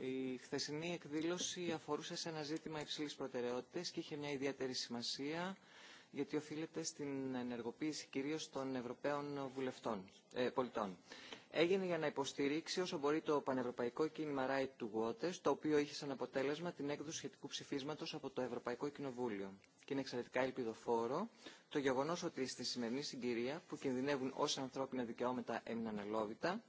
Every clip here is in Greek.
Η χθεσινή εκδήλωση αφορούσε σε ένα ζήτημα υψηλής προτεραιότητας και είχε μια ιδιαίτερη σημασία γιατί οφείλεται στην ενεργοποίηση κυρίως των Ευρωπαίων βουλευτών, ε, πολιτών. Έγινε για να υποστηρίξει όσο μπορεί το πανευρωπαϊκό κίνημα Right to Waters, το οποίο είχε σαν αποτέλεσμα την έκδοση σχετικού ψηφίσματο από το Ευρωπαϊκό Κοινοβούλιο. Και είναι εξαιρετικά ελπιδοφόρο το γεγονό ότι στη σημερινή συγκυρία, που κινδυνεύουν όσα ανθρώπινα δικαιώματα έμειναν αλόβητα,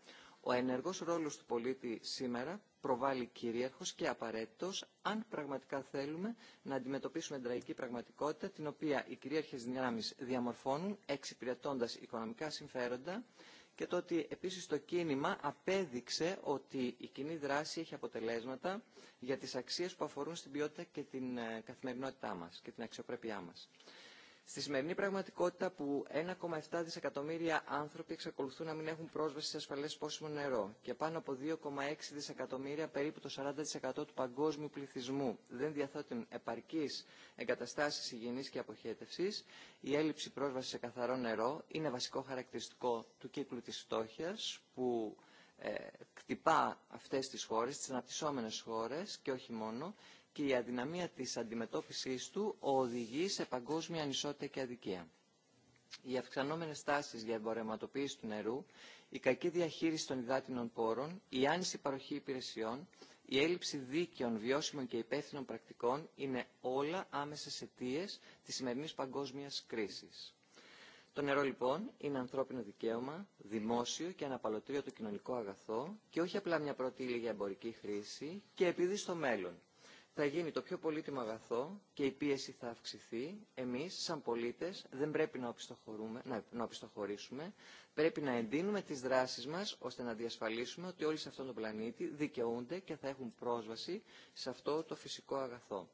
ο ενεργός ρόλος του πολίτη σήμερα προβάλλει κυρίαρχος και απαραίτητος αν πραγματικά θέλουμε να αντιμετωπίσουμε την τραγική πραγματικότητα την οποία οι κυρίαρχες δυνάμεις διαμορφώνουν εξυπηρετώντας οικονομικά συμφέροντα και το ότι επίσης το κίνημα απέδειξε ότι η κοινή δράση έχει αποτελέσματα για τις αξίες που αφορούν στην ποιότητα και την ε, καθημερινότητά μας και την αξιοπρέπειά μας. Στη σημερινή πραγματικότητα που 1,7 δισεκατομμύρια άνθρωποι εξακολουθούν να μην έχουν πρόσβαση σε ασφαλές πόσιμο νερό και πάνω από 2,6 δισεκατομμύρια, περίπου το 40% του παγκόσμιου πληθυσμού, δεν διαθέτουν επαρκείς εγκαταστάσεις υγιεινής και αποχέτευσης, η έλλειψη πρόσβασης σε καθαρό νερό είναι βασικό χαρακτηριστικό του κύκλου της φτώχειας που ε, κτυπά αυτές τις χώρες, τις αναπτυσσόμενες χώρες και όχι μόνο και η αδυναμία της αντιμετώπισης του οδηγεί σε παγκόσμια ανισότητα και αδικία. Οι αυξανόμενες τάσεις για εμπορευματοποίηση του νερού, η κακή διαχείριση των υδάτινων πόρων, η άνηση παροχή υπηρεσιών, η έλλειψη δίκαιων, βιώσιμων και υπεύθυνων πρακτικών είναι όλα άμεσες αιτίε της σημερινής παγκόσμιας κρίσης. Το νερό λοιπόν είναι ανθρώπινο δικαίωμα, δημόσιο και αναπαλωτρίο το κοινωνικό αγαθό και όχι απλά μια πρώτη για εμπορική χρήση και επειδή στο μέλλον θα γίνει το πιο πολύτιμο αγαθό και η πίεση θα αυξηθεί. Εμείς, σαν πολίτες, δεν πρέπει να, να, οπισθοχωρήσουμε. Πρέπει να εντείνουμε τις δράσεις μας, ώστε να διασφαλίσουμε ότι όλοι σε αυτόν τον πλανήτη δικαιούνται και θα έχουν πρόσβαση σε αυτό το φυσικό αγαθό.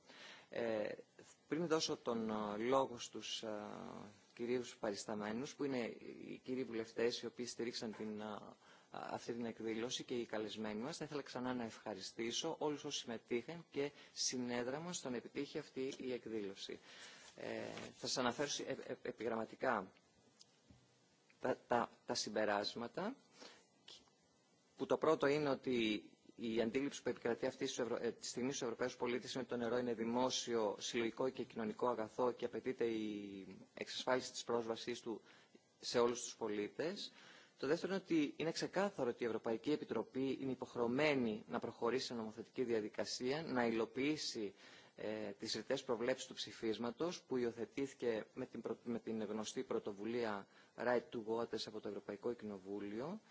Ε, πριν δώσω τον ε, λόγο στους ε, κυρίους παρισταμένους, που είναι οι κύριοι βουλευτές οι οποίοι στηρίξαν την ε, αυτή την εκδήλωση και οι καλεσμένοι μας. Θα ήθελα ξανά να ευχαριστήσω όλους όσοι συμμετείχαν και συνέδραμα στον επιτύχει αυτή η εκδήλωση. Ε, θα σας αναφέρω ε, ε, επιγραμματικά τα, τα, τα συμπεράσματα, που το πρώτο είναι ότι η αντίληψη που επικρατεί αυτή τη ε, στιγμή στους Ευρωπαίου πολίτες είναι ότι το νερό είναι δημόσιο, συλλογικό και κοινωνικό αγαθό και απαιτείται η εξασφάλιση της πρόσβασης του σε όλους τους πολίτες το δεύτερο είναι ότι είναι ξεκάθαρο ότι η Ευρωπαϊκή Επιτροπή είναι υποχρεωμένη να προχωρήσει σε νομοθετική διαδικασία, να υλοποιήσει ε, τις ρητές προβλέψεις του ψηφίσματος που υιοθετήθηκε με την, με την γνωστή πρωτοβουλία Right to Waters από το Ευρωπαϊκό Κοινοβούλιο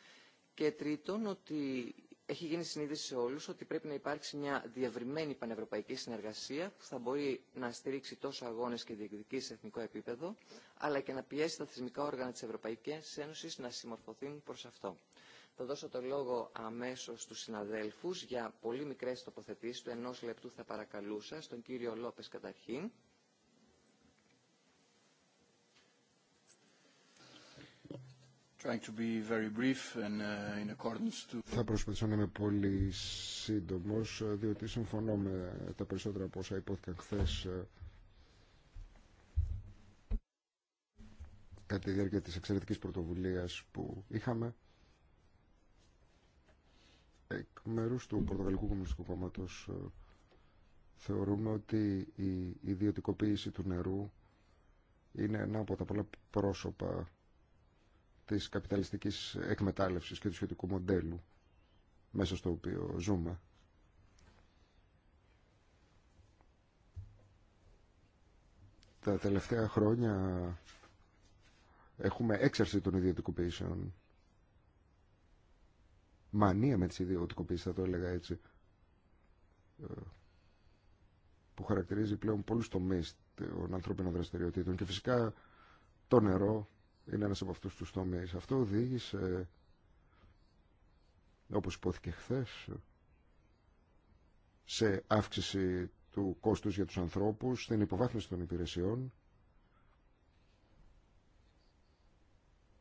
και τρίτον ότι έχει γίνει συνείδηση σε όλους ότι πρέπει να υπάρξει μια διευρυμένη πανευρωπαϊκή συνεργασία που θα μπορεί να στηρίξει τόσο αγώνες και διεκδικήσει σε εθνικό επίπεδο, αλλά και να πιέσει τα θεσμικά όργανα της Ευρωπαϊκής Ένωσης να συμμορφωθούν προς αυτό. Θα δώσω το λόγο αμέσως στους συναδέλφους για πολύ μικρές τοποθετήσεις του ενός λεπτού θα παρακαλούσα, στον κύριο Λόπες καταρχήν Uh, Θα προσπαθήσω να είμαι πολύ σύντομο, διότι συμφωνώ με τα περισσότερα από όσα υπόθηκαν χθε ε, κατά τη διάρκεια τη εξαιρετική πρωτοβουλίας που είχαμε εκ μέρους του Πορτογαλικού Κομμουνιστικού κόμματο ε, θεωρούμε ότι η ιδιωτικοποίηση του νερού είναι ένα από τα πολλά πρόσωπα της καπιταλιστικής εκμετάλλευσης και του σχετικού μοντέλου μέσα στο οποίο ζούμε. Τα τελευταία χρόνια έχουμε έξαρση των ιδιωτικοποιήσεων. Μανία με τις ιδιωτικοποιήσεις θα το έλεγα έτσι. Ε, που χαρακτηρίζει πλέον πολλούς τομείς των ανθρώπινων δραστηριοτήτων. Και φυσικά το νερό είναι ένας από αυτούς τους τομείς. Αυτό οδήγησε, όπως υπόθηκε χθε, σε αύξηση του κόστους για τους ανθρώπους, στην υποβάθμιση των υπηρεσιών,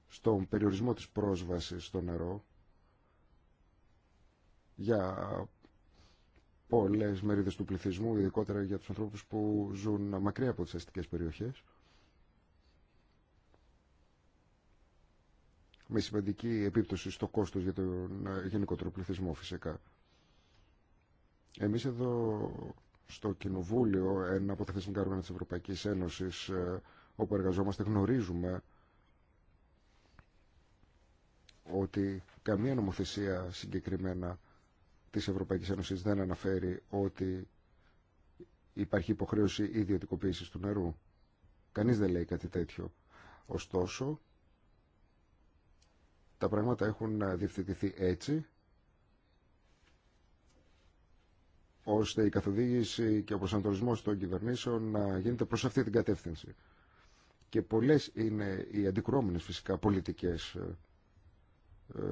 στον περιορισμό της πρόσβασης στο νερό για πολλές μερίδες του πληθυσμού, ειδικότερα για τους ανθρώπους που ζουν μακριά από τις αστικές περιοχές. με σημαντική επίπτωση στο κόστος για τον ε, γενικότερο πληθυσμό φυσικά. Εμείς εδώ στο Κοινοβούλιο, ένα από τα θεσμικά όργανα της Ευρωπαϊκής Ένωσης, ε, όπου εργαζόμαστε, γνωρίζουμε ότι καμία νομοθεσία συγκεκριμένα της Ευρωπαϊκής Ένωσης δεν αναφέρει ότι υπάρχει υποχρέωση ιδιωτικοποίησης του νερού. Κανείς δεν λέει κάτι τέτοιο. Ωστόσο, τα πράγματα έχουν ε, διευθετηθεί έτσι ώστε η καθοδήγηση και ο προσανατολισμός των κυβερνήσεων να γίνεται προς αυτή την κατεύθυνση. Και πολλές είναι οι αντικρώμενες φυσικά πολιτικές ε, ε,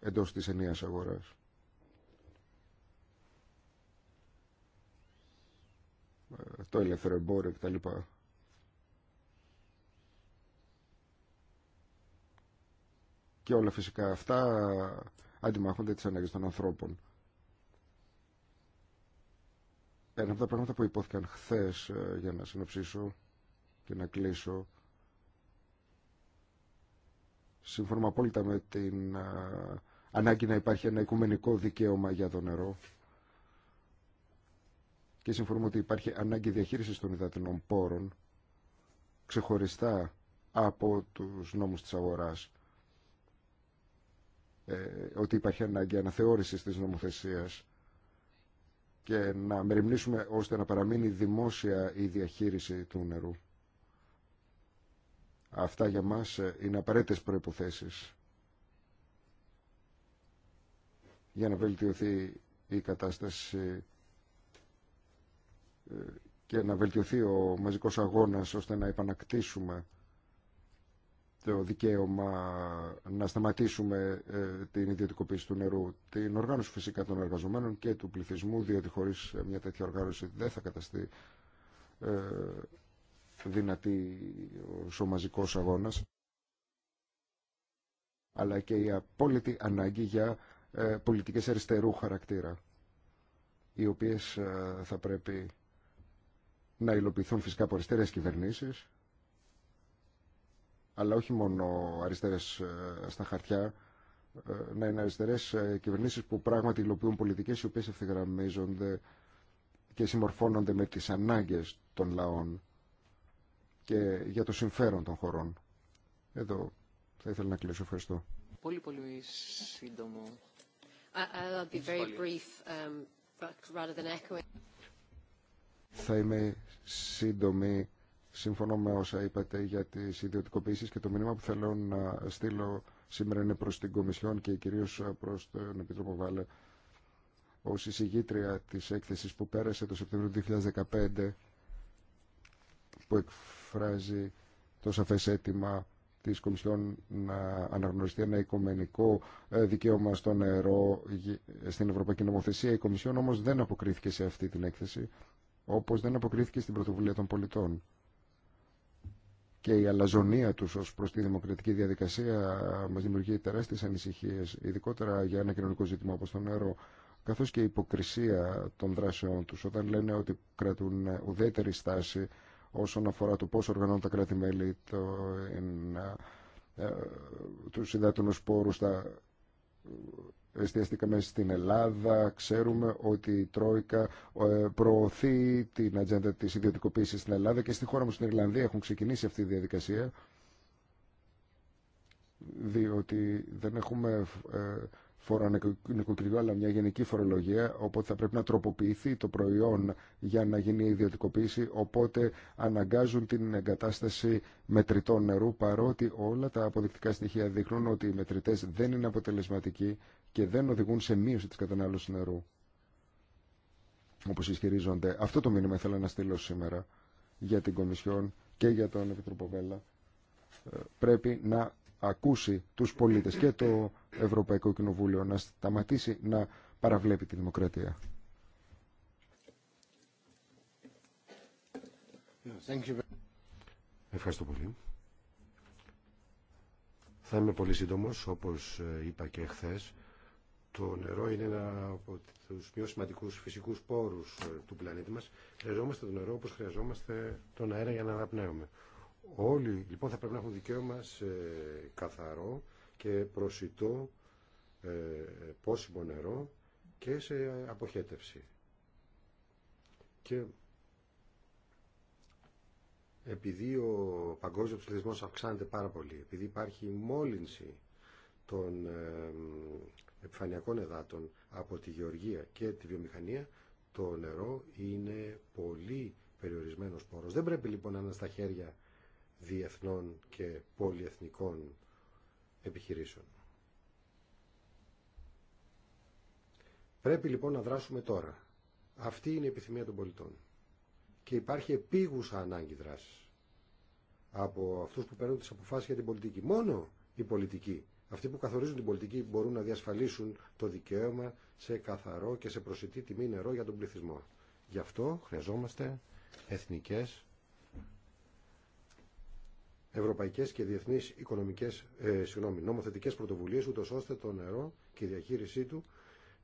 εντός της ενιαίας αγοράς. Ε, το ελεύθερο εμπόριο κτλ. Και όλα φυσικά αυτά αντιμάχονται τις ανάγκες των ανθρώπων. Ένα από τα πράγματα που υπόθηκαν χθες ε, για να συνοψίσω και να κλείσω σύμφωνα απόλυτα με την ε, ανάγκη να υπάρχει ένα οικουμενικό δικαίωμα για το νερό και συμφωνούμε ότι υπάρχει ανάγκη διαχείρισης των υδατινών πόρων ξεχωριστά από τους νόμους της αγοράς. Ε, ότι υπάρχει ανάγκη αναθεώρησης της νομοθεσίας και να μεριμνήσουμε ώστε να παραμείνει δημόσια η διαχείριση του νερού. Αυτά για μας ε, είναι απαραίτητες προϋποθέσεις για να βελτιωθεί η κατάσταση ε, και να βελτιωθεί ο μαζικός αγώνας ώστε να επανακτήσουμε το δικαίωμα να σταματήσουμε ε, την ιδιωτικοποίηση του νερού, την οργάνωση φυσικά των εργαζομένων και του πληθυσμού, διότι χωρίς ε, μια τέτοια οργάνωση δεν θα καταστεί ε, δυνατή ο σωμαζικός αγώνας αλλά και η απόλυτη ανάγκη για πολιτικές αριστερού χαρακτήρα οι οποίες θα πρέπει να υλοποιηθούν φυσικά από αριστερές κυβερνήσεις αλλά όχι μόνο αριστερές ε, στα χαρτιά, ε, να είναι αριστερές ε, κυβερνήσεις που πράγματι υλοποιούν πολιτικές οι οποίες ευθυγραμμίζονται και συμμορφώνονται με τις ανάγκες των λαών και για το συμφέρον των χωρών. Εδώ θα ήθελα να κλείσω. Ευχαριστώ. Πολύ πολύ σύντομο. Um, θα είμαι σύντομη Σύμφωνο με όσα είπατε για τι ιδιωτικοποιήσει και το μήνυμα που θέλω να στείλω σήμερα είναι προ την Κομισιόν και κυρίω προ τον Επίτροπο Βάλε ως εισηγήτρια τη έκθεση που πέρασε το Σεπτέμβριο του 2015 που εκφράζει το σαφέ αίτημα της Κομισιόν να αναγνωριστεί ένα οικομενικό ε, δικαίωμα στο νερό στην Ευρωπαϊκή Νομοθεσία. Η Κομισιόν όμω δεν αποκρίθηκε σε αυτή την έκθεση, όπω δεν αποκρίθηκε στην πρωτοβουλία των πολιτών και η αλαζονία τους ως προς τη δημοκρατική διαδικασία μας δημιουργεί τεράστιες ανησυχίες, ειδικότερα για ένα κοινωνικό ζήτημα όπως το νερό, καθώς και η υποκρισία των δράσεών τους, όταν λένε ότι κρατούν ουδέτερη στάση όσον αφορά το πώς οργανώνουν τα κράτη-μέλη το, ε, ε, τους υδάτινους πόρους, τα εστιαστήκαμε στην Ελλάδα. Ξέρουμε ότι η Τρόικα ε, προωθεί την ατζέντα της ιδιωτικοποίησης στην Ελλάδα και στη χώρα μου στην Ιρλανδία έχουν ξεκινήσει αυτή η διαδικασία διότι δεν έχουμε ε, Φορά αλλά μια γενική φορολογία οπότε θα πρέπει να τροποποιηθεί το προϊόν για να γίνει ιδιωτικοποίηση οπότε αναγκάζουν την εγκατάσταση μετρητών νερού παρότι όλα τα αποδεικτικά στοιχεία δείχνουν ότι οι μετρητές δεν είναι αποτελεσματικοί και δεν οδηγούν σε μείωση της κατανάλωσης νερού όπως ισχυρίζονται. Αυτό το μήνυμα ήθελα να στείλω σήμερα για την Κομισιόν και για τον Επιτροποβέλα ε, πρέπει να ακούσει τους πολίτες και το Ευρωπαϊκό Κοινοβούλιο να σταματήσει να παραβλέπει τη δημοκρατία. Ευχαριστώ πολύ. Θα είμαι πολύ σύντομος, όπως ε, είπα και χθες. Το νερό είναι ένα από τους πιο σημαντικούς φυσικούς πόρους ε, του πλανήτη μας. Χρειαζόμαστε το νερό όπως χρειαζόμαστε τον αέρα για να αναπνέουμε. Όλοι λοιπόν θα πρέπει να έχουν δικαίωμα σε καθαρό και προσιτό ε, πόσιμο νερό και σε αποχέτευση. Και επειδή ο παγκόσμιος πληθυσμό αυξάνεται πάρα πολύ, επειδή υπάρχει μόλυνση των ε, επιφανειακών εδάτων από τη γεωργία και τη βιομηχανία, το νερό είναι πολύ περιορισμένος πόρος. Δεν πρέπει λοιπόν να είναι στα χέρια διεθνών και πολυεθνικών επιχειρήσεων. Πρέπει λοιπόν να δράσουμε τώρα. Αυτή είναι η επιθυμία των πολιτών. Και υπάρχει επίγουσα ανάγκη δράσης από αυτούς που παίρνουν τις αποφάσεις για την πολιτική. Μόνο οι πολιτικοί, αυτοί που καθορίζουν την πολιτική, μπορούν να διασφαλίσουν το δικαίωμα σε καθαρό και σε προσιτή τιμή νερό για τον πληθυσμό. Γι' αυτό χρειαζόμαστε εθνικές ευρωπαϊκές και διεθνείς οικονομικές, ε, συγγνώμη, νομοθετικές πρωτοβουλίες, ούτως ώστε το νερό και η διαχείρισή του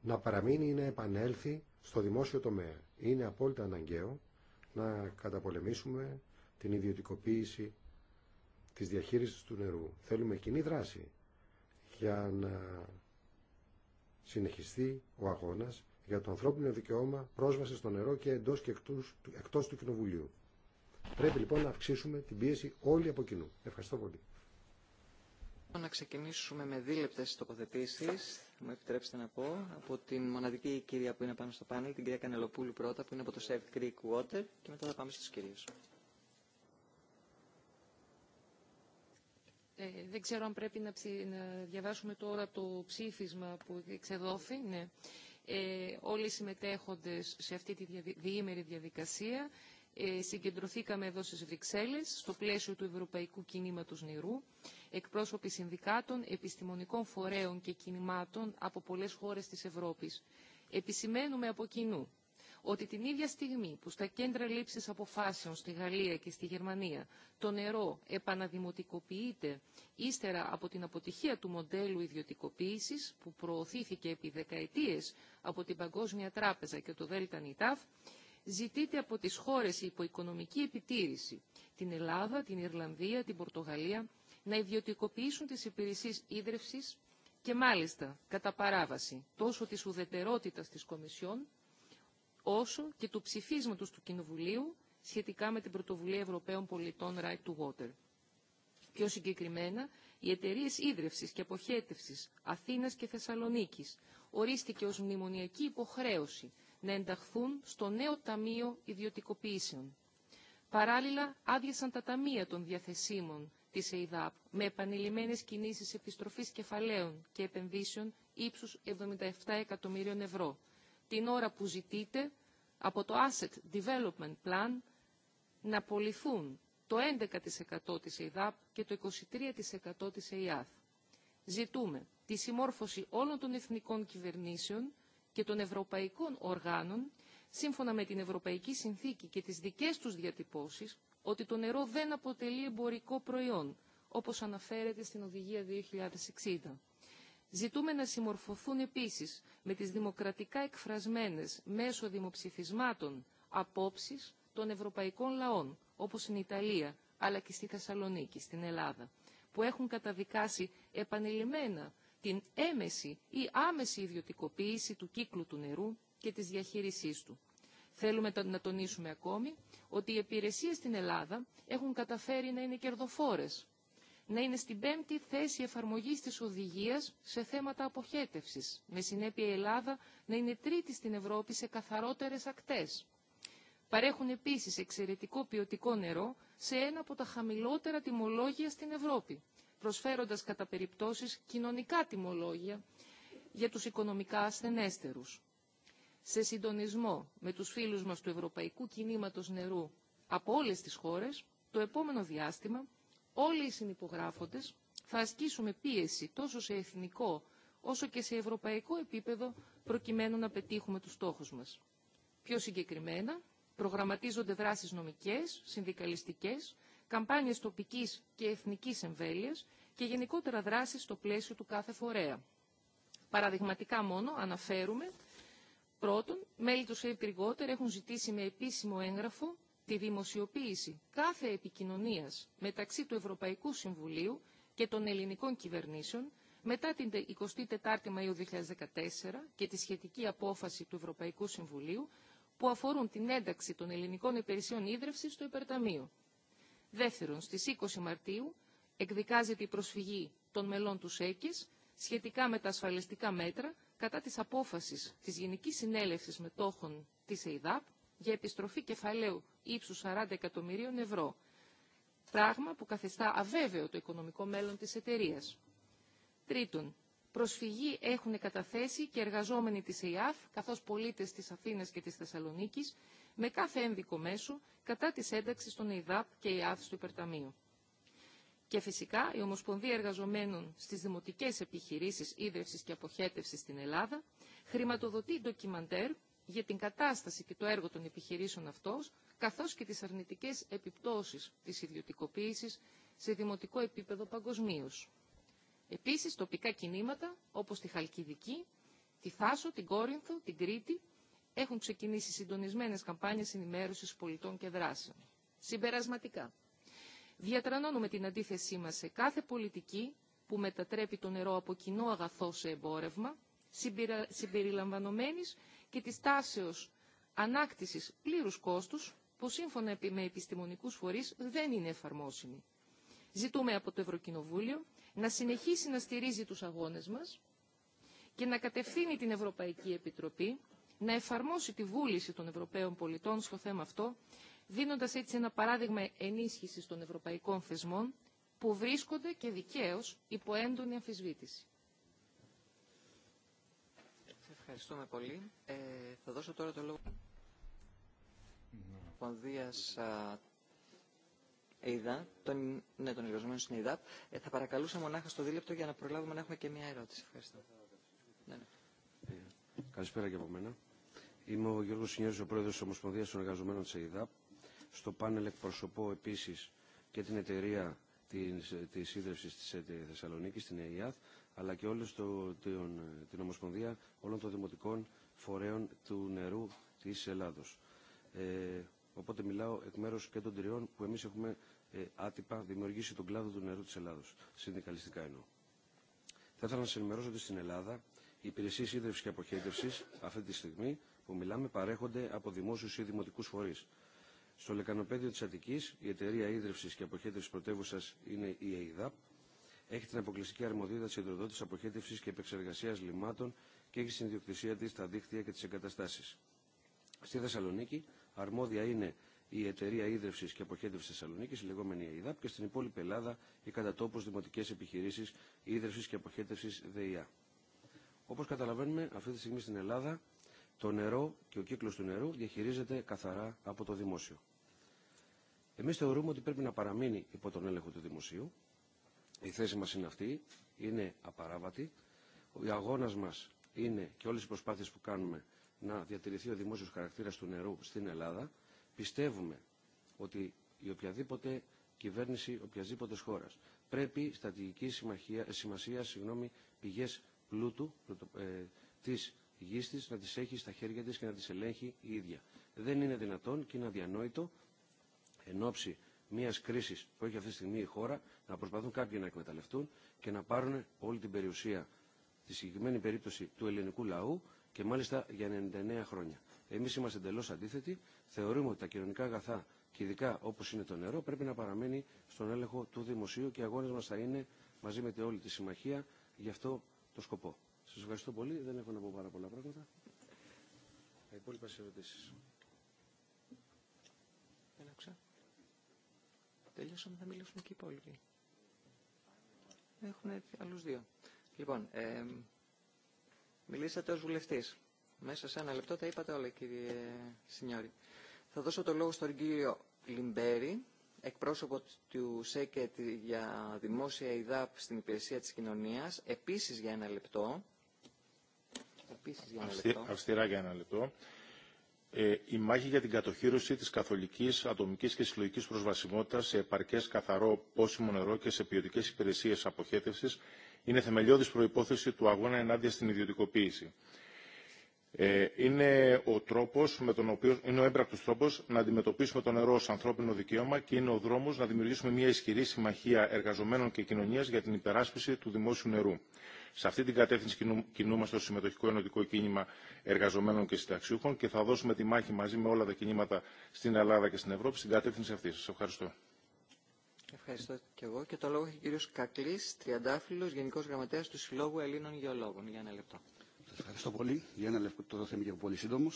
να παραμείνει ή να επανέλθει στο δημόσιο τομέα. Είναι απόλυτα αναγκαίο να καταπολεμήσουμε την ιδιωτικοποίηση της διαχείρισης του νερού. Θέλουμε κοινή δράση για να συνεχιστεί ο αγώνας για το ανθρώπινο δικαιώμα πρόσβαση στο νερό και εντός και εκτός, του Κοινοβουλίου. Πρέπει λοιπόν να αυξήσουμε την πίεση όλοι από κοινού. Ευχαριστώ πολύ. Να ξεκινήσουμε με δίλεπτε τοποθετήσει, μου επιτρέψετε να πω, από την μοναδική κυρία που είναι πάνω στο πάνελ, την κυρία Κανελοπούλου πρώτα, που είναι από το Save Creek Water, και μετά θα πάμε στου κυρίε. Ε, δεν ξέρω αν πρέπει να, διαβάσουμε τώρα το ψήφισμα που εξεδόθη. Ναι. Ε, όλοι οι συμμετέχοντες σε αυτή τη διήμερη διαδικασία ε, συγκεντρωθήκαμε εδώ στις Βρυξέλλες, στο πλαίσιο του Ευρωπαϊκού Κινήματος Νερού, εκπρόσωποι συνδικάτων, επιστημονικών φορέων και κινημάτων από πολλές χώρες της Ευρώπης. Επισημαίνουμε από κοινού ότι την ίδια στιγμή που στα κέντρα λήψης αποφάσεων στη Γαλλία και στη Γερμανία το νερό επαναδημοτικοποιείται ύστερα από την αποτυχία του μοντέλου ιδιωτικοποίησης που προωθήθηκε επί δεκαετίες από την Παγκόσμια Τράπεζα και το Δέλτα ζητείται από τις χώρες υπό οικονομική επιτήρηση, την Ελλάδα, την Ιρλανδία, την Πορτογαλία, να ιδιωτικοποιήσουν τις υπηρεσίες ίδρυυσης και μάλιστα κατά παράβαση τόσο της ουδετερότητας της Κομισιόν, όσο και του ψηφίσματος του Κοινοβουλίου σχετικά με την πρωτοβουλία Ευρωπαίων Πολιτών Right to Water. Πιο συγκεκριμένα, οι εταιρείε ίδρυυση και αποχέτευση Αθήνα και Θεσσαλονίκη ορίστηκε ω μνημονιακή υποχρέωση να ενταχθούν στο νέο Ταμείο Ιδιωτικοποίησεων. Παράλληλα, άδειασαν τα ταμεία των διαθεσίμων της ΕΙΔΑΠ με επανειλημμένες κινήσεις επιστροφής κεφαλαίων και επενδύσεων ύψους 77 εκατομμύριων ευρώ, την ώρα που ζητείται από το Asset Development Plan να πολυθούν το 11% της ΕΙΔΑΠ και το 23% της ΕΙΑΘ. Ζητούμε τη συμμόρφωση όλων των εθνικών κυβερνήσεων και των ευρωπαϊκών οργάνων, σύμφωνα με την Ευρωπαϊκή Συνθήκη και τις δικές τους διατυπώσεις, ότι το νερό δεν αποτελεί εμπορικό προϊόν, όπως αναφέρεται στην Οδηγία 2060. Ζητούμε να συμμορφωθούν επίσης με τις δημοκρατικά εκφρασμένες μέσω δημοψηφισμάτων απόψεις των ευρωπαϊκών λαών, όπως στην Ιταλία, αλλά και στη Θεσσαλονίκη, στην Ελλάδα, που έχουν καταδικάσει επανειλημμένα την έμεση ή άμεση ιδιωτικοποίηση του κύκλου του νερού και της διαχείρισής του. Θέλουμε να τονίσουμε ακόμη ότι οι υπηρεσίες στην Ελλάδα έχουν καταφέρει να είναι κερδοφόρες, να είναι στην πέμπτη θέση εφαρμογής της οδηγίας σε θέματα αποχέτευσης, με συνέπεια η Ελλάδα να είναι τρίτη στην Ευρώπη σε καθαρότερες ακτές. Παρέχουν επίσης εξαιρετικό ποιοτικό νερό σε ένα από τα χαμηλότερα τιμολόγια στην Ευρώπη προσφέροντας κατά περιπτώσεις κοινωνικά τιμολόγια για τους οικονομικά ασθενέστερους. Σε συντονισμό με τους φίλους μας του Ευρωπαϊκού Κινήματος Νερού από όλες τις χώρες, το επόμενο διάστημα όλοι οι συνυπογράφοντες θα ασκήσουμε πίεση τόσο σε εθνικό όσο και σε ευρωπαϊκό επίπεδο προκειμένου να πετύχουμε τους στόχους μας. Πιο συγκεκριμένα, προγραμματίζονται δράσεις νομικές, συνδικαλιστικές, καμπάνιες τοπικής και εθνικής εμβέλειας και γενικότερα δράσεις στο πλαίσιο του κάθε φορέα. Παραδειγματικά μόνο αναφέρουμε, πρώτον, μέλη του ΣΕΙΠ έχουν ζητήσει με επίσημο έγγραφο τη δημοσιοποίηση κάθε επικοινωνίας μεταξύ του Ευρωπαϊκού Συμβουλίου και των ελληνικών κυβερνήσεων μετά την 24η Μαΐου 2014 και τη σχετική απόφαση του Ευρωπαϊκού Συμβουλίου που αφορούν την ένταξη των ελληνικών υπηρεσιών ίδρυυσης στο υπερταμείο. Δεύτερον, στις 20 Μαρτίου εκδικάζεται η προσφυγή των μελών του ΣΕΚΕΣ σχετικά με τα ασφαλιστικά μέτρα κατά της απόφασης της Γενικής Συνέλευσης Μετόχων της ΕΙΔΑΠ για επιστροφή κεφαλαίου ύψου 40 εκατομμυρίων ευρώ, πράγμα που καθιστά αβέβαιο το οικονομικό μέλλον της εταιρεία. Τρίτον, προσφυγή έχουν καταθέσει και εργαζόμενοι της ΕΙΑΦ, καθώς πολίτες της Αθήνας και της Θεσσαλονίκης, με κάθε ένδικο μέσο κατά τη ένταξη των ΕΙΔΑΠ και ΕΙΑΘ του υπερταμείο. Και φυσικά η Ομοσπονδία Εργαζομένων στι δημοτικέ επιχειρήσει Ήδρευση και αποχέτευση στην Ελλάδα χρηματοδοτεί ντοκιμαντέρ για την κατάσταση και το έργο των επιχειρήσεων αυτό, καθώ και τι αρνητικέ επιπτώσει τη ιδιωτικοποίηση σε δημοτικό επίπεδο παγκοσμίω. Επίση, τοπικά κινήματα όπω τη Χαλκιδική, τη Θάσο, την Κόρινθο, την Κρήτη έχουν ξεκινήσει συντονισμένες καμπάνιες ενημέρωσης πολιτών και δράσεων. Συμπερασματικά, διατρανώνουμε την αντίθεσή μας σε κάθε πολιτική που μετατρέπει το νερό από κοινό αγαθό σε εμπόρευμα, συμπεριλαμβανομένης και της τάσεως ανάκτησης πλήρους κόστους, που σύμφωνα με επιστημονικούς φορείς δεν είναι εφαρμόσιμη. Ζητούμε από το Ευρωκοινοβούλιο να συνεχίσει να στηρίζει τους αγώνες μας και να κατευθύνει την Ευρωπαϊκή Επιτροπή να εφαρμόσει τη βούληση των Ευρωπαίων πολιτών στο θέμα αυτό, δίνοντας έτσι ένα παράδειγμα ενίσχυσης των ευρωπαϊκών θεσμών, που βρίσκονται και δικαίως υπό έντονη αμφισβήτηση. Ευχαριστούμε πολύ. Ε, θα δώσω τώρα το λόγο. Πονδίας ναι. ΕΙΔΑ, τον, ναι, τον εργαζομένο στην ΕΙΔΑΠ. Ε, θα παρακαλούσα μονάχα στο δίλεπτο για να προλάβουμε να έχουμε και μια ερώτηση. Ευχαριστώ. Ναι, ναι. Ε, καλησπέρα και από μένα. Είμαι ο Γιώργο Συνιέρη, ο πρόεδρο τη Ομοσπονδία των Εργαζομένων τη ΕΙΔΑΠ. Στο πάνελ εκπροσωπώ επίση και την εταιρεία τη ίδρυυση τη Θεσσαλονίκη, την ΕΙΑΘ, αλλά και όλη την, την Ομοσπονδία όλων των δημοτικών φορέων του νερού τη Ελλάδο. Ε, οπότε μιλάω εκ μέρου και των τριών που εμεί έχουμε ε, άτυπα δημιουργήσει τον κλάδο του νερού τη Ελλάδο. Συνδικαλιστικά εννοώ. Θα ήθελα να σα ενημερώσω ότι στην Ελλάδα οι υπηρεσίε ίδρυυση και αποχέτευση αυτή τη στιγμή που μιλάμε παρέχονται από δημόσιους ή δημοτικούς φορείς. Στο λεκανοπέδο τη Ατική, η δημοτικου φορει στο λεκανοπεδιο τη αττικης η εταιρεια ιδρυυση και αποχέτευση πρωτεύουσα είναι η ΕΙΔΑΠ, έχει την αποκλειστική αρμοδίδα τη υδροδότης αποχέτευση και επεξεργασία λιμάτων και έχει στην ιδιοκτησία τη τα δίκτυα και τι εγκαταστάσει. Στη Θεσσαλονίκη, αρμόδια είναι η Εταιρεία Ίδρυυση και Αποχέτευση Θεσσαλονίκη, η λεγόμενη ΕΙΔΑΠ, και στην υπόλοιπη Ελλάδα οι κατά δημοτικέ επιχειρήσει ίδρυυση και αποχέτευση ΔΕΙΑ. Όπω καταλαβαίνουμε, αυτή τη στιγμή στην Ελλάδα το νερό και ο κύκλος του νερού διαχειρίζεται καθαρά από το δημόσιο. Εμείς θεωρούμε ότι πρέπει να παραμείνει υπό τον έλεγχο του δημοσίου. Η θέση μας είναι αυτή, είναι απαράβατη. Ο αγώνας μας είναι και όλες οι προσπάθειες που κάνουμε να διατηρηθεί ο δημόσιος χαρακτήρας του νερού στην Ελλάδα. Πιστεύουμε ότι η οποιαδήποτε κυβέρνηση οποιασδήποτε χώρα πρέπει στατηγική ε, σημασία συγγνώμη, πηγές πλούτου ε, γη τη να τι έχει στα χέρια τη και να τι ελέγχει η ίδια. Δεν είναι δυνατόν και είναι αδιανόητο εν ώψη μια κρίση που έχει αυτή τη στιγμή η χώρα να προσπαθούν κάποιοι να εκμεταλλευτούν και να πάρουν όλη την περιουσία τη συγκεκριμένη περίπτωση του ελληνικού λαού και μάλιστα για 99 χρόνια. Εμεί είμαστε εντελώ αντίθετοι, θεωρούμε ότι τα κοινωνικά αγαθά και ειδικά όπω είναι το νερό πρέπει να παραμένει στον έλεγχο του δημοσίου και οι αγώνε μα θα είναι μαζί με όλη τη συμμαχία γι' αυτό το σκοπό. Σας ευχαριστώ πολύ. Δεν έχω να πω πάρα πολλά πράγματα. Τα υπόλοιπα σε ερωτήσεις. Δεν άκουσα. Τελειώσαμε, θα μιλήσουμε και οι υπόλοιποι. Έχουμε έρθει άλλους δύο. Λοιπόν, ε, μιλήσατε ως βουλευτής. Μέσα σε ένα λεπτό τα είπατε όλα, κύριε Σινιώρη. Θα δώσω το λόγο στον κύριο Λιμπέρι, εκπρόσωπο του ΣΕΚΕΤ για δημόσια ΙΔΑΠ στην υπηρεσία της κοινωνίας, επίσης για ένα λεπτό για ένα Αυστηρά για ένα λεπτό. Ε, η μάχη για την κατοχήρωση της καθολικής, ατομικής και συλλογικής προσβασιμότητας σε επαρκές καθαρό πόσιμο νερό και σε ποιοτικές υπηρεσίες αποχέτευσης είναι θεμελιώδης προϋπόθεση του αγώνα ενάντια στην ιδιωτικοποίηση. Ε, είναι ο τρόπος με τον οποίο, είναι ο έμπρακτος τρόπος να αντιμετωπίσουμε το νερό ως ανθρώπινο δικαίωμα και είναι ο δρόμος να δημιουργήσουμε μια ισχυρή συμμαχία εργαζομένων και κοινωνίας για την υπεράσπιση του δημόσιου νερού. Σε αυτή την κατεύθυνση κινούμαστε στο συμμετοχικό ενωτικό κίνημα εργαζομένων και συνταξιούχων και θα δώσουμε τη μάχη μαζί με όλα τα κινήματα στην Ελλάδα και στην Ευρώπη στην κατεύθυνση αυτή. Σας ευχαριστώ. Ευχαριστώ και εγώ. Και το λόγο έχει ο κύριος Κακλής, Τριαντάφυλλος, Γενικός Γραμματέας του Συλλόγου Ελλήνων Γεωλόγων. Για ένα λεπτό. ευχαριστώ πολύ. Για ένα λεπτό το θέμα και πολύ σύντομο.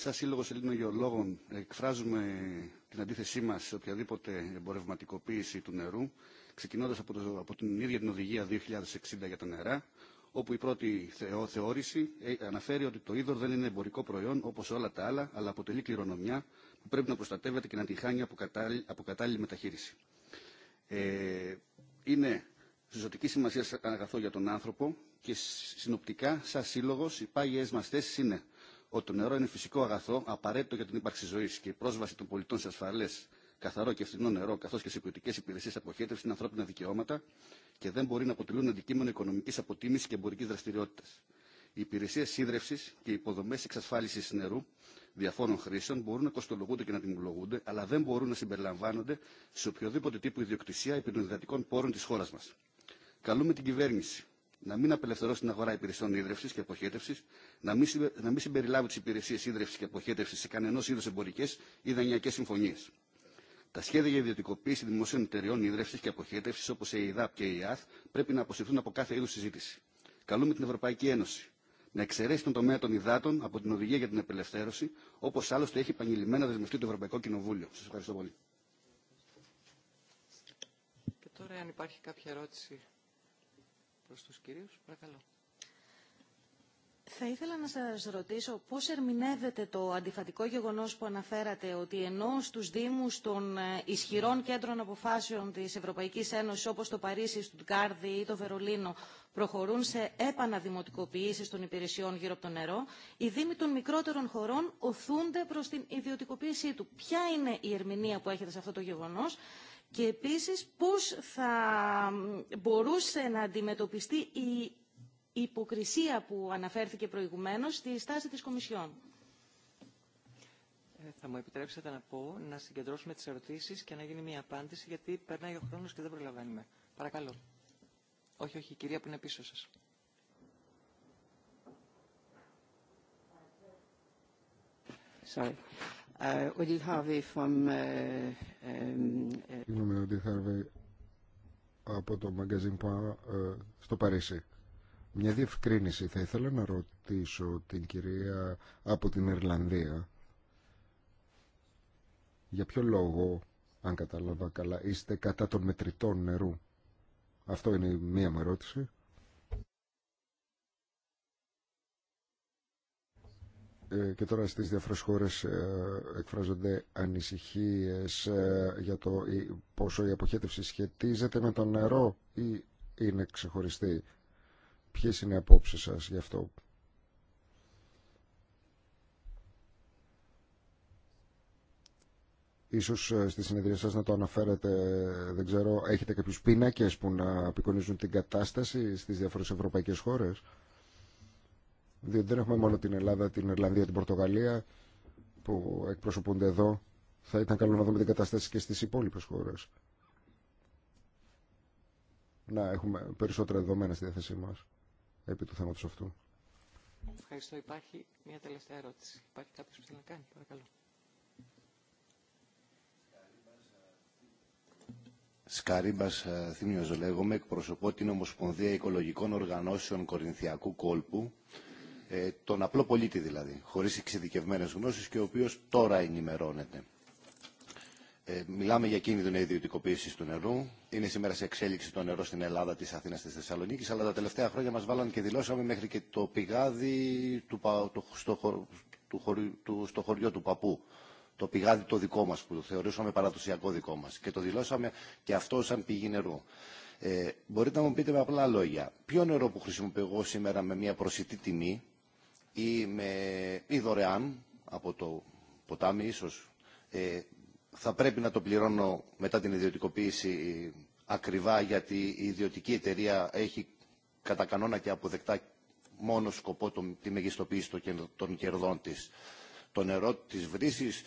Σαν Σύλλογο Ελλήνων Γεωλόγων εκφράζουμε την αντίθεσή μα σε οποιαδήποτε εμπορευματικοποίηση του νερού, ξεκινώντα από, από την ίδια την Οδηγία 2060 για τα νερά, όπου η πρώτη θεώρηση ε, αναφέρει ότι το είδωρ δεν είναι εμπορικό προϊόν όπω όλα τα άλλα, αλλά αποτελεί κληρονομιά που πρέπει να προστατεύεται και να τη χάνει από κατάλληλη μεταχείριση. Ε, είναι ζωτική σημασία σαν αγαθό για τον άνθρωπο και συνοπτικά, σαν σύλλογο, οι πάγιε μα θέσει είναι ότι το νερό είναι φυσικό αγαθό, απαραίτητο για την ύπαρξη ζωή και η πρόσβαση των πολιτών σε ασφαλέ, καθαρό και φθηνό νερό, καθώ και σε ποιοτικέ υπηρεσίε αποχέτευση είναι ανθρώπινα δικαιώματα και δεν μπορεί να αποτελούν αντικείμενο οικονομική αποτίμηση και εμπορική δραστηριότητα. Οι υπηρεσίε σύνδρευση και οι υποδομέ εξασφάλιση νερού διαφόρων χρήσεων μπορούν να κοστολογούνται και να τιμολογούνται, αλλά δεν μπορούν να συμπεριλαμβάνονται σε οποιοδήποτε τύπο ιδιοκτησία επί πόρων τη χώρα μα. Καλούμε την κυβέρνηση να μην απελευθερώσει την αγορά υπηρεσιών ίδρυυση και αποχέτευση, να, μην συμπεριλάβει τι υπηρεσίε ίδρυυση και αποχέτευση σε κανένα είδου εμπορικέ ή δανειακέ συμφωνίε. Τα σχέδια για ιδιωτικοποίηση δημοσίων εταιριών ίδρυυση και αποχέτευση, όπω η ΕΙΔΑΠ και η ΕΙΑΘ, πρέπει να αποσυρθούν από κάθε είδου συζήτηση. Καλούμε την Ευρωπαϊκή Ένωση να εξαιρέσει τον τομέα των υδάτων από την οδηγία για την απελευθέρωση, όπω άλλωστε έχει επανειλημμένα δεσμευτεί το Ευρωπαϊκό Κοινοβούλιο. Σα ευχαριστώ πολύ. Και τώρα, αν υπάρχει κάποια ερώτηση προς τους κυρίους. Παρακαλώ. Θα ήθελα να σας ρωτήσω πώς ερμηνεύεται το αντιφατικό γεγονός που αναφέρατε ότι ενώ στους Δήμους των ε, ισχυρών κέντρων αποφάσεων της Ευρωπαϊκής Ένωσης όπως το Παρίσι, Κάρδη ή το Βερολίνο προχωρούν σε επαναδημοτικοποιήσεις των υπηρεσιών γύρω από το νερό, οι Δήμοι των μικρότερων χωρών οθούνται προς την ιδιωτικοποίησή του. Ποια είναι η ερμηνεία που έχετε σε αυτό το γεγονός και επίσης πώς θα μπορούσε να αντιμετωπιστεί η υποκρισία που αναφέρθηκε προηγουμένως στη στάση της Κομισιόν. Ε, θα μου επιτρέψετε να πω να συγκεντρώσουμε τις ερωτήσεις και να γίνει μια απάντηση γιατί περνάει ο χρόνος και δεν προλαβαίνουμε. Παρακαλώ. Όχι, όχι, η κυρία που είναι πίσω σας. Sorry. Uh, Odil Harvey from... Uh, um, uh, από το Magazine που ε, στο Παρίσι. Μια διευκρίνηση. Θα ήθελα να ρωτήσω την κυρία από την Ιρλανδία για ποιο λόγο, αν κατάλαβα καλά, είστε κατά των μετρητών νερού. Αυτό είναι μία μου ερώτηση. Ε, και τώρα στις διάφορες χώρες ε, εκφράζονται ανησυχίες ε, για το πόσο η αποχέτευση σχετίζεται με το νερό ή είναι ξεχωριστή. Ποιες είναι οι απόψεις σας γι' αυτό. Ίσως στη συνεδρία σας να το αναφέρετε, δεν ξέρω, έχετε κάποιους πίνακες που να απεικονίζουν την κατάσταση στις διάφορες ευρωπαϊκές χώρες διότι δεν έχουμε μόνο την Ελλάδα, την Ιρλανδία, την Πορτογαλία που εκπροσωπούνται εδώ. Θα ήταν καλό να δούμε την κατάσταση και στις υπόλοιπες χώρες. Να έχουμε περισσότερα δεδομένα στη διάθεσή μας επί του θέματος αυτού. Ευχαριστώ. Υπάρχει μια τελευταία ερώτηση. Υπάρχει κάποιο που θέλει να κάνει. Παρακαλώ. Σκαρίμπα ε, Θήμιος λέγομαι, εκπροσωπώ την Ομοσπονδία Οικολογικών Οργανώσεων Κορινθιακού Κόλπου ε, τον απλό πολίτη δηλαδή, χωρίς εξειδικευμένε γνώσεις και ο οποίος τώρα ενημερώνεται. Ε, μιλάμε για κίνδυνο ιδιωτικοποίηση του νερού. Είναι σήμερα σε εξέλιξη το νερό στην Ελλάδα, τη Αθήνα, τη Θεσσαλονίκη, αλλά τα τελευταία χρόνια μα βάλαν και δηλώσαμε μέχρι και το πηγάδι του, στο, του, του, στο χωριό του παππού. Το πηγάδι το δικό μα που το θεωρούσαμε παραδοσιακό δικό μα. Και το δηλώσαμε και αυτό σαν πηγή νερού. Ε, μπορείτε να μου πείτε με απλά λόγια, ποιο νερό που χρησιμοποιώ εγώ σήμερα με μια προσιτή τιμή ή, με, ή δωρεάν από το ποτάμι ίσως ε, θα πρέπει να το πληρώνω μετά την ιδιωτικοποίηση ακριβά γιατί η ιδιωτική εταιρεία έχει κατά κανόνα και αποδεκτά μόνο σκοπό τη μεγιστοποίηση των κερδών της. Το νερό της βρύσης,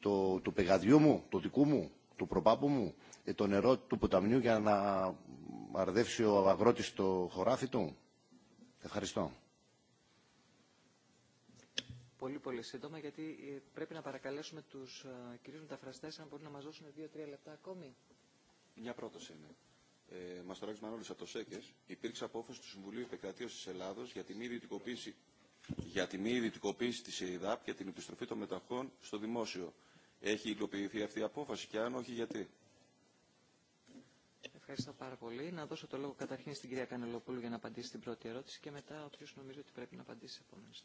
του πεγαδιού μου, του δικού μου, του προπάπου μου, ε, το νερό του ποταμιού για να αρδεύσει ο αγρότης το χωράφι του. Ευχαριστώ πολύ πολύ σύντομα γιατί ε, πρέπει να παρακαλέσουμε τους ε, κυρίους μεταφραστές αν μπορούν να μας δωσουν δυο δύο-τρία λεπτά ακόμη. Μια πρόταση είναι. Ε, Μα το ράξαμε από το ΣΕΚΕΣ. Υπήρξε απόφαση του Συμβουλίου Επικρατεία τη Ελλάδο για τη μη ιδιωτικοποίηση για τη μη της ΕΙΔΑΠ και την επιστροφή των μεταχών στο δημόσιο. Έχει υλοποιηθεί αυτή η απόφαση και αν όχι γιατί. Ευχαριστώ πάρα πολύ. Να δώσω το λόγο καταρχήν στην κυρία Κανελοπούλου για να απαντήσει την πρώτη ερώτηση και μετά όποιος νομίζει ότι πρέπει να απαντήσει επόμενος.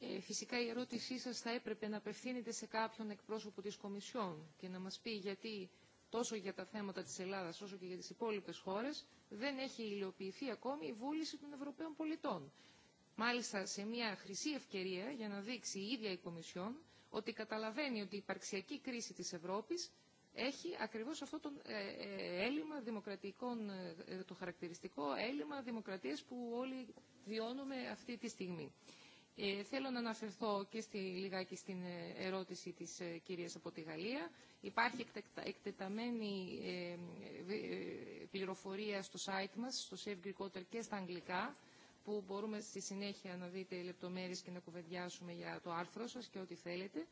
Ε, φυσικά η ερώτησή σας θα έπρεπε να απευθύνεται σε κάποιον εκπρόσωπο της Κομισιόν και να μας πει γιατί τόσο για τα θέματα της Ελλάδας όσο και για τις υπόλοιπες χώρες δεν έχει υλοποιηθεί ακόμη η βούληση των Ευρωπαίων πολιτών. Μάλιστα σε μια χρυσή ευκαιρία για να δείξει η ίδια η Κομισιόν ότι καταλαβαίνει ότι η υπαρξιακή κρίση της Ευρώπης έχει ακριβώς αυτό το ε, ε, έλλειμμα δημοκρατικών, το χαρακτηριστικό έλλειμμα δημοκρατίας που όλοι βιώνουμε αυτή τη στιγμή. Ε, θέλω να αναφερθώ και στη, λιγάκι στην ε, ερώτηση της ε, κυρίας από τη Γαλλία. Υπάρχει εκτεταμένη ε, πληροφορία στο site μας, στο Save Greek Water και στα αγγλικά, που μπορούμε στη συνέχεια να δείτε λεπτομέρειες και να κουβεντιάσουμε για το άρθρο σας και ό,τι θέλετε.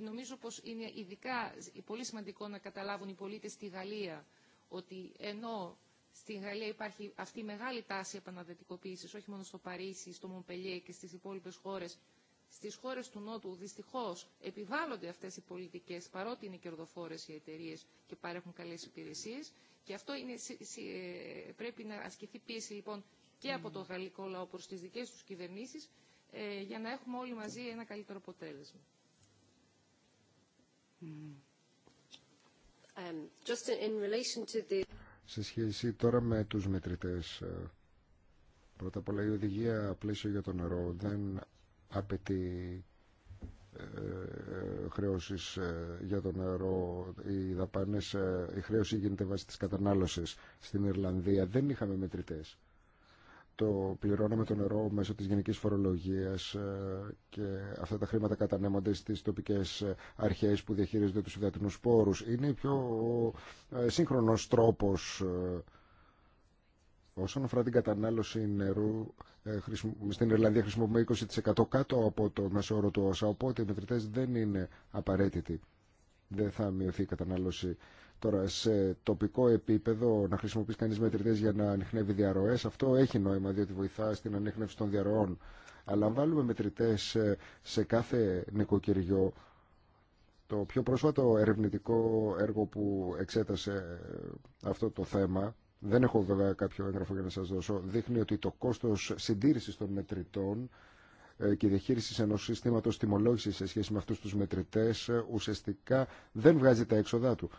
Νομίζω πως είναι ειδικά πολύ σημαντικό να καταλάβουν οι πολίτες στη Γαλλία ότι ενώ στην Γαλλία υπάρχει αυτή η μεγάλη τάση επαναδετικοποίησης, όχι μόνο στο Παρίσι, στο Μομπελιέ και στις υπόλοιπε χώρε. Στις χώρες του Νότου Δυστυχώ επιβάλλονται αυτές οι πολιτικές, παρότι είναι κερδοφόρες οι εταιρείε και παρέχουν καλές υπηρεσίες. Και αυτό είναι, ε, πρέπει να ασκηθεί πίεση λοιπόν και από το γαλλικό λαό προς τις δικέ τους κυβερνήσει, ε, για να έχουμε όλοι μαζί ένα καλύτερο αποτέλεσμα. Um, just in relation to the σε σχέση τώρα με τους μετρητές. Ε, πρώτα απ' όλα η οδηγία πλαίσιο για το νερό δεν απαιτεί ε, χρεώσεις ε, για το νερό οι δαπάνες, η χρέωση γίνεται βάσει της κατανάλωσης στην Ιρλανδία δεν είχαμε μετρητές το πληρώναμε το νερό μέσω της γενικής φορολογίας ε, και αυτά τα χρήματα κατανέμονται στις τοπικές ε, αρχές που διαχειρίζονται τους υδατινούς σπόρους. Είναι πιο ε, σύγχρονος τρόπος όσον αφορά την κατανάλωση νερού. Στην Ιρλανδία χρησιμοποιούμε 20% κάτω από το μέσο όρο του ΩΣΑ οπότε οι μετρητές δεν είναι απαραίτητοι. Δεν θα μειωθεί η κατανάλωση Τώρα σε τοπικό επίπεδο να χρησιμοποιεί κανεί μετρητέ για να ανοιχνεύει διαρροέ, αυτό έχει νόημα διότι βοηθά στην ανείχνευση των διαρροών. Αλλά αν βάλουμε μετρητέ ε, σε κάθε νοικοκυριό, το πιο πρόσφατο ερευνητικό έργο που εξέτασε ε, αυτό το θέμα, δεν έχω βέβαια κάποιο έγγραφο για να σας δώσω, δείχνει ότι το κόστος συντήρησης των μετρητών ε, και διαχείριση ενό συστήματο τιμολόγηση σε σχέση με αυτού του μετρητέ ουσιαστικά δεν βγάζει τα έξοδά του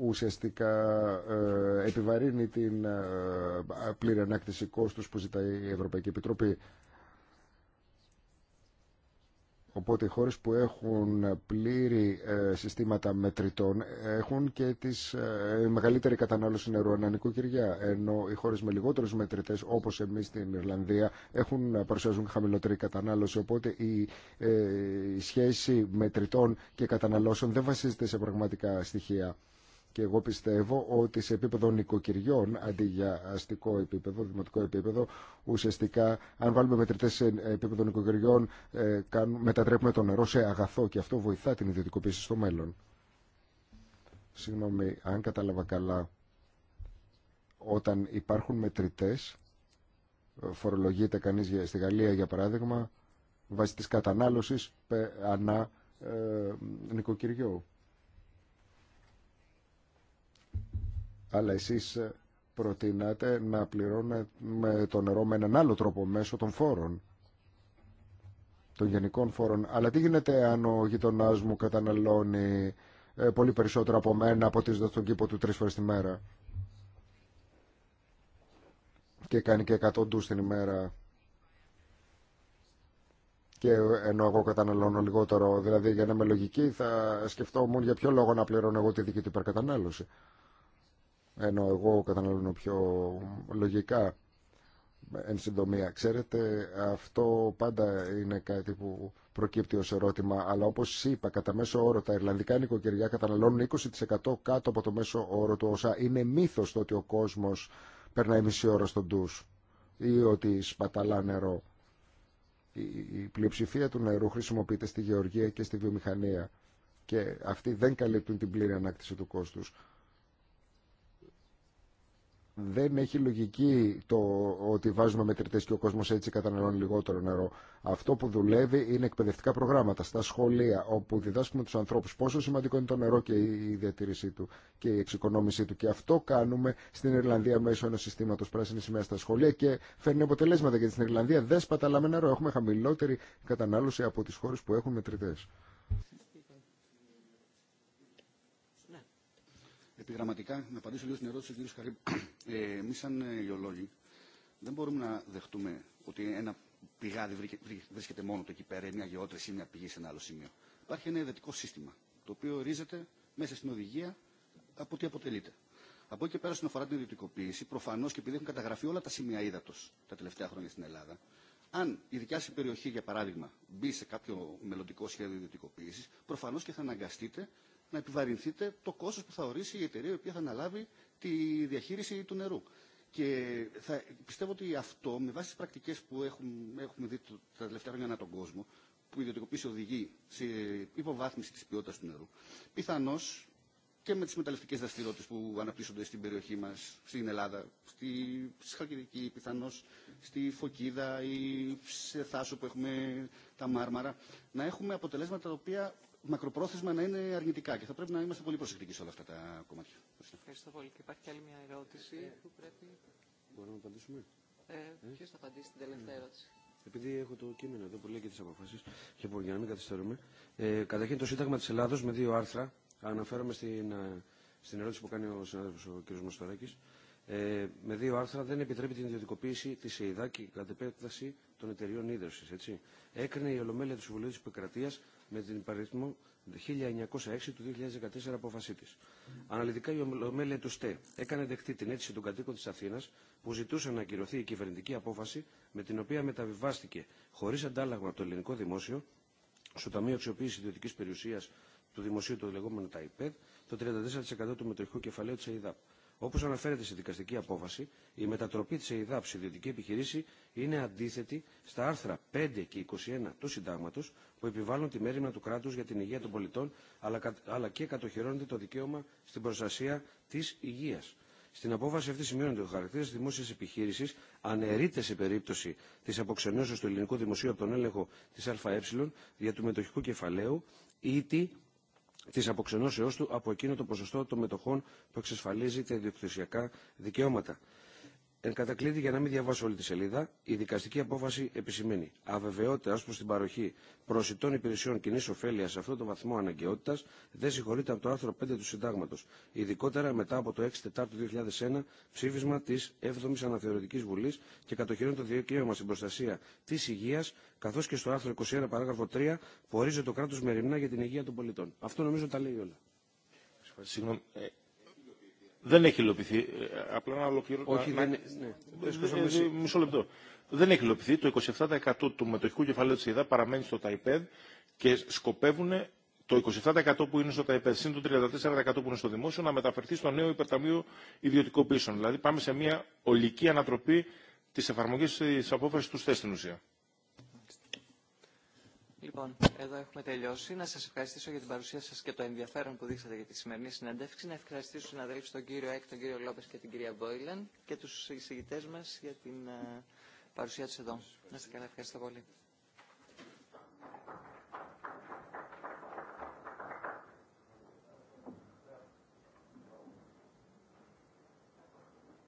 ουσιαστικά ε, επιβαρύνει την ε, πλήρη ανάκτηση κόστους που ζητάει η Ευρωπαϊκή Επιτροπή. Οπότε οι χώρες που έχουν πλήρη ε, συστήματα μετρητών έχουν και τις ε, μεγαλύτερη κατανάλωση νερού ανά νοικοκυριά, Ενώ οι χώρες με λιγότερους μετρητές όπως εμείς στην Ιρλανδία έχουν, ε, παρουσιάζουν χαμηλότερη κατανάλωση. Οπότε η, η σχέση μετρητών και καταναλώσεων δεν βασίζεται σε πραγματικά στοιχεία. Και εγώ πιστεύω ότι σε επίπεδο νοικοκυριών, αντί για αστικό επίπεδο, δημοτικό επίπεδο, ουσιαστικά αν βάλουμε μετρητέ σε επίπεδο νοικοκυριών, ε, μετατρέπουμε το νερό σε αγαθό και αυτό βοηθά την ιδιωτικοποίηση στο μέλλον. Συγγνώμη, αν κατάλαβα καλά, όταν υπάρχουν μετρητέ, ε, φορολογείται κανεί στη Γαλλία για παράδειγμα, βάσει τη κατανάλωση ανά ε, νοικοκυριό. αλλά εσείς ε, προτείνατε να πληρώνουμε το νερό με έναν άλλο τρόπο μέσω των φόρων των γενικών φόρων. Αλλά τι γίνεται αν ο γειτονά μου καταναλώνει ε, πολύ περισσότερο από μένα από ποτίζοντα στον κήπο του τρεις φορές τη μέρα. Και κάνει και 100 ντου την ημέρα. Και ενώ εγώ καταναλώνω λιγότερο, δηλαδή για να είμαι λογική, θα σκεφτόμουν για ποιο λόγο να πληρώνω εγώ τη δική του υπερκατανάλωση ενώ εγώ καταναλώνω πιο λογικά εν συντομία. Ξέρετε, αυτό πάντα είναι κάτι που προκύπτει ως ερώτημα, αλλά όπως είπα, κατά μέσο όρο τα Ιρλανδικά νοικοκυριά καταναλώνουν 20% κάτω από το μέσο όρο του ΩΣΑ. είναι μύθος το ότι ο κόσμος περνάει μισή ώρα στον ντους ή ότι σπαταλά νερό. Η πλειοψηφία του νερού χρησιμοποιείται στη γεωργία και στη βιομηχανία και αυτοί δεν καλύπτουν την πλήρη ανάκτηση του κόστους δεν έχει λογική το ότι βάζουμε μετρητέ και ο κόσμο έτσι καταναλώνει λιγότερο νερό. Αυτό που δουλεύει είναι εκπαιδευτικά προγράμματα στα σχολεία, όπου διδάσκουμε του ανθρώπου πόσο σημαντικό είναι το νερό και η διατήρησή του και η εξοικονόμησή του. Και αυτό κάνουμε στην Ιρλανδία μέσω ενό συστήματο πράσινη σημαία στα σχολεία και φέρνει αποτελέσματα γιατί στην Ιρλανδία δεν σπαταλάμε νερό. Έχουμε χαμηλότερη κατανάλωση από τι χώρε που έχουν μετρητέ. επιγραμματικά να απαντήσω λίγο στην ερώτηση του κ. Καρύμπ. Ε, Εμεί, σαν ε, γεωλόγοι, δεν μπορούμε να δεχτούμε ότι ένα πηγάδι βρίσκεται μόνο το εκεί πέρα, μια γεώτρηση ή μια πηγή σε ένα άλλο σημείο. Υπάρχει ένα ιδετικό σύστημα, το οποίο ορίζεται μέσα στην οδηγία από τι αποτελείται. Από εκεί και πέρα, όσον αφορά την ιδιωτικοποίηση, προφανώ και επειδή έχουν καταγραφεί όλα τα σημεία ύδατο τα τελευταία χρόνια στην Ελλάδα, αν η δικιά σα περιοχή, για παράδειγμα, μπει σε κάποιο μελλοντικό σχέδιο ιδιωτικοποίηση, προφανώ και θα αναγκαστείτε να επιβαρυνθείτε το κόστος που θα ορίσει η εταιρεία η οποία θα αναλάβει τη διαχείριση του νερού. Και θα, πιστεύω ότι αυτό, με βάση τι πρακτικέ που έχουμε, έχουμε δει τα τελευταία χρόνια ανά τον κόσμο, που η ιδιωτικοποίηση οδηγεί σε υποβάθμιση τη ποιότητα του νερού, πιθανώ και με τι μεταλλευτικές δραστηριότητε που αναπτύσσονται στην περιοχή μα στην Ελλάδα, στη, στη πιθανώ πιθανώς στη Φωκίδα ή σε Θάσο που έχουμε τα Μάρμαρα, να έχουμε αποτελέσματα τα οποία μακροπρόθεσμα να είναι αρνητικά και θα πρέπει να είμαστε πολύ προσεκτικοί σε όλα αυτά τα κομμάτια. Ευχαριστώ πολύ. Και υπάρχει και άλλη μια ερώτηση ε, που πρέπει... Μπορούμε να απαντήσουμε. Ε, ε? Ποιο θα απαντήσει την τελευταία ναι. ερώτηση. Επειδή έχω το κείμενο εδώ που λέει και τι αποφάσει, και μπορεί να μην καθυστερούμε. Ε, καταρχήν το Σύνταγμα τη Ελλάδο με δύο άρθρα. Αναφέρομαι στην, ε, στην ερώτηση που κάνει ο συνάδελφο ο κ. Μαστοράκη. Ε, με δύο άρθρα δεν επιτρέπει την ιδιωτικοποίηση τη ΕΙΔΑ και επέκταση των εταιριών ίδρυσης, έτσι. Έκρινε η Ολομέλεια του Συμβουλίου της Επικρατείας με την υπαριθμό 1906 του 2014 απόφασή τη. Αναλυτικά η Ολομέλεια του ΣΤΕ έκανε δεκτή την αίτηση των κατοίκων τη Αθήνα που ζητούσε να ακυρωθεί η κυβερνητική απόφαση με την οποία μεταβιβάστηκε χωρί αντάλλαγμα από το ελληνικό δημόσιο στο Ταμείο Αξιοποίηση Ιδιωτική Περιουσία του Δημοσίου του λεγόμενου ΤΑΙΠΕΔ το 34% του μετοχικού κεφαλαίου τη ΕΙΔΑΠ. Όπω αναφέρεται στη δικαστική απόφαση, η μετατροπή τη ΕΙΔΑΠ σε ιδιωτική επιχειρήση είναι αντίθετη στα άρθρα 5 και 21 του Συντάγματο που επιβάλλουν τη μέρημνα του κράτου για την υγεία των πολιτών αλλά και κατοχυρώνεται το δικαίωμα στην προστασία τη υγεία. Στην απόφαση αυτή σημειώνεται ότι ο χαρακτήρα τη δημόσια επιχείρηση αναιρείται σε περίπτωση τη αποξενώσεω του ελληνικού δημοσίου από τον έλεγχο τη ΑΕ για του μετοχικού κεφαλαίου ή τη τη αποξενώσεώ του από εκείνο το ποσοστό των μετοχών που εξασφαλίζει τα ιδιοκτησιακά δικαιώματα. Εν κατακλείδη, για να μην διαβάσω όλη τη σελίδα, η δικαστική απόφαση επισημαίνει αβεβαιότητα ω προ την παροχή προσιτών υπηρεσιών κοινή ωφέλεια σε αυτό το βαθμό αναγκαιότητα δεν συγχωρείται από το άρθρο 5 του Συντάγματο, ειδικότερα μετά από το 6 Τετάρτου 2001 ψήφισμα τη 7η Αναθεωρητική Βουλή και κατοχυρώνει το δικαίωμα στην προστασία τη υγεία, καθώ και στο άρθρο 21 παράγραφο 3 που ορίζει το κράτο μεριμνά για την υγεία των πολιτών. Αυτό νομίζω τα λέει όλα. Ε, δεν έχει υλοποιηθεί. Ε, απλά να ολοκληρώσω. Όχι, δεν ναι. Ε, ε, μισό λεπτό. Δεν έχει υλοποιηθεί. Το 27% του μετοχικού κεφαλαίου τη ΕΕ παραμένει στο ΤΑΙΠΕΔ και σκοπεύουν το 27% που είναι στο ΤΑΙΠΕΔ συν το 34% που είναι στο δημόσιο να μεταφερθεί στο νέο υπερταμείο ιδιωτικοποίησεων. Δηλαδή πάμε σε μια ολική ανατροπή τη εφαρμογή τη απόφαση του ΣΤΕ στην ουσία. Λοιπόν, εδώ έχουμε τελειώσει. Να σα ευχαριστήσω για την παρουσία σα και το ενδιαφέρον που δείξατε για τη σημερινή συνέντευξη. Να ευχαριστήσω του συναδέλφου τον κύριο Εκ, τον κύριο Λόπε και την κυρία Μπόιλεν και του εισηγητέ μα για την ε, παρουσία του εδώ. Να είστε καλά. Ευχαριστώ πολύ.